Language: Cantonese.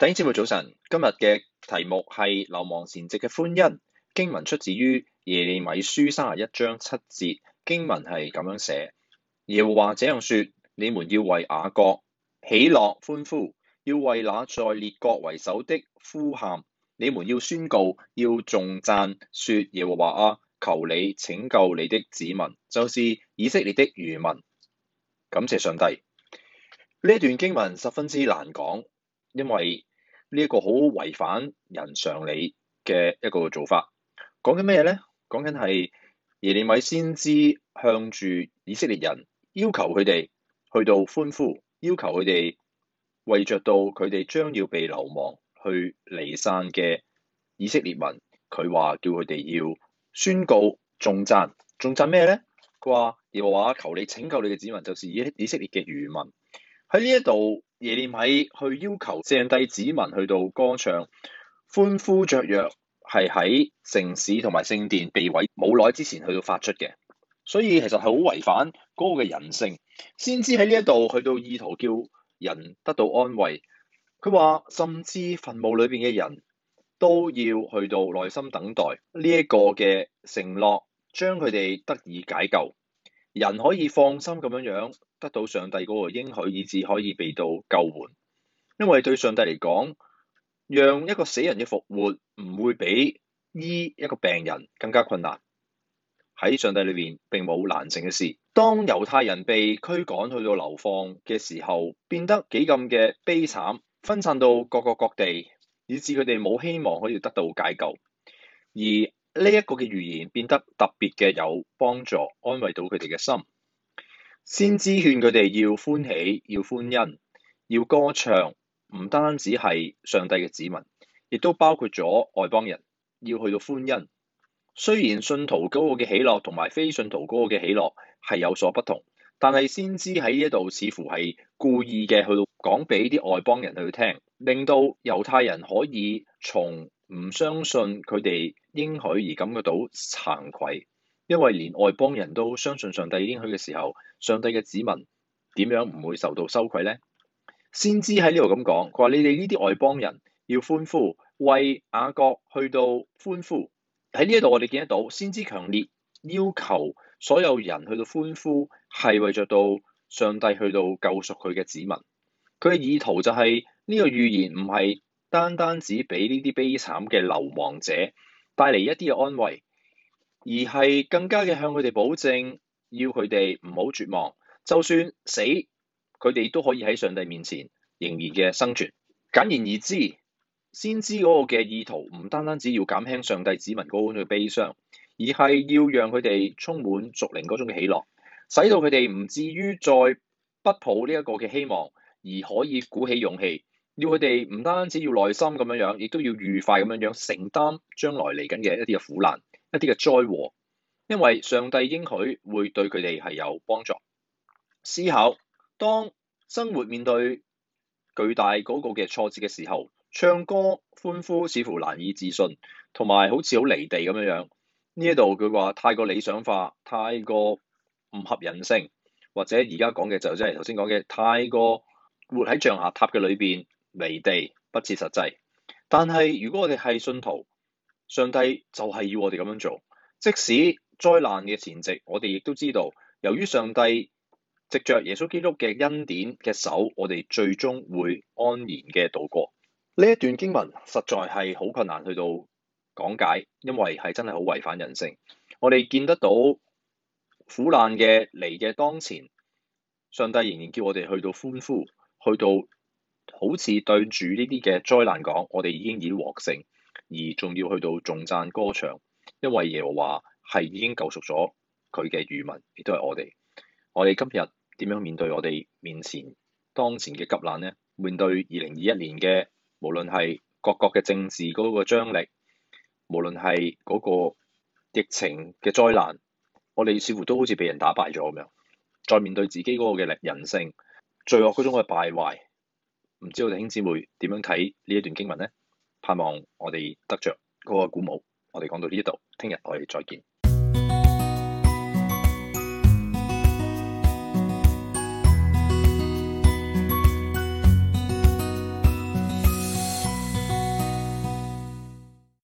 弟兄姊妹早晨，今日嘅題目係流亡前夕嘅歡欣。經文出自於耶利米書三十一章七節，經文係咁樣寫：耶和華這樣說，你們要為雅各喜樂歡呼，要為那在列國為首的呼喊，你們要宣告，要頌讚，說：耶和華啊，求你拯救你的子民，就是以色列的餘民。感謝上帝。呢段經文十分之難講，因為呢一個好違反人常理嘅一個做法，講緊咩咧？講緊係耶利米先知向住以色列人要求佢哋去到歡呼，要求佢哋為着到佢哋將要被流亡去離散嘅以色列民，佢話叫佢哋要宣告頌讚，頌讚咩咧？佢話，耶和華，求你拯救你嘅子民，就是以以色列嘅餘民喺呢一度。耶利米喺去要求上帝子民去到歌唱，歡呼雀躍，係喺城市同埋聖殿被毀冇耐之前去到發出嘅，所以其實，係好違反嗰個嘅人性。先知喺呢一度去到意圖叫人得到安慰，佢話甚至墳墓裏邊嘅人都要去到耐心等待呢一，這個嘅承諾將佢哋得以解救。人可以放心咁樣樣。得到上帝嗰個應許，以至可以被到救援。因為對上帝嚟講，讓一個死人嘅復活，唔會比醫一個病人更加困難。喺上帝裏面並冇難成嘅事。當猶太人被驅趕去到流放嘅時候，變得幾咁嘅悲慘，分散到各國各地，以致佢哋冇希望可以得到解救。而呢一個嘅預言變得特別嘅有幫助，安慰到佢哋嘅心。先知勸佢哋要歡喜，要歡欣，要歌唱，唔單止係上帝嘅子民，亦都包括咗外邦人要去到歡欣。雖然信徒嗰個嘅喜樂同埋非信徒嗰個嘅喜樂係有所不同，但係先知喺呢一度似乎係故意嘅去到講俾啲外邦人去聽，令到猶太人可以從唔相信佢哋應許而感覺到慚愧。因為連外邦人都相信上帝已經去嘅時候，上帝嘅子民點樣唔會受到羞愧呢？先知喺呢度咁講，佢話：你哋呢啲外邦人要歡呼，為雅各去到歡呼。喺呢一度我哋見得到，先知強烈要求所有人去到歡呼，係為著到上帝去到救贖佢嘅子民。佢嘅意圖就係呢個預言唔係單單只俾呢啲悲慘嘅流亡者帶嚟一啲嘅安慰。而係更加嘅，向佢哋保證，要佢哋唔好絕望，就算死，佢哋都可以喺上帝面前仍然嘅生存。簡言而之，先知嗰個嘅意圖唔單單只要減輕上帝子民嗰種嘅悲傷，而係要讓佢哋充滿屬靈嗰種嘅喜樂，使到佢哋唔至於再不抱呢一個嘅希望，而可以鼓起勇氣，要佢哋唔單止要耐心咁樣樣，亦都要愉快咁樣樣承擔將來嚟緊嘅一啲嘅苦難。一啲嘅災禍，因為上帝應許會對佢哋係有幫助。思考，當生活面對巨大嗰個嘅挫折嘅時候，唱歌歡呼似乎難以置信，同埋好似好離地咁樣樣。呢一度佢話太過理想化，太過唔合人性，或者而家講嘅就即係頭先講嘅，太過活喺象牙塔嘅裏邊離地，不切實際。但係如果我哋係信徒，上帝就係要我哋咁樣做，即使災難嘅前夕，我哋亦都知道，由於上帝藉着耶穌基督嘅恩典嘅手，我哋最終會安然嘅度過。呢一段經文，實在係好困難去到講解，因為係真係好違反人性。我哋見得到苦難嘅嚟，嘅當前，上帝仍然叫我哋去到歡呼，去到好似對住呢啲嘅災難講，我哋已經已獲勝。而仲要去到頌讚歌唱，因為耶和華係已經救贖咗佢嘅餘民，亦都係我哋。我哋今日點樣面對我哋面前當前嘅急難呢？面對二零二一年嘅無論係各國嘅政治嗰個張力，無論係嗰個疫情嘅災難，我哋似乎都好似俾人打敗咗咁樣。再面對自己嗰個嘅人性罪惡嗰種嘅敗壞，唔知我哋兄姊妹點樣睇呢一段經文呢？盼望我哋得着嗰個鼓舞。我哋講到呢度，聽日我哋再見。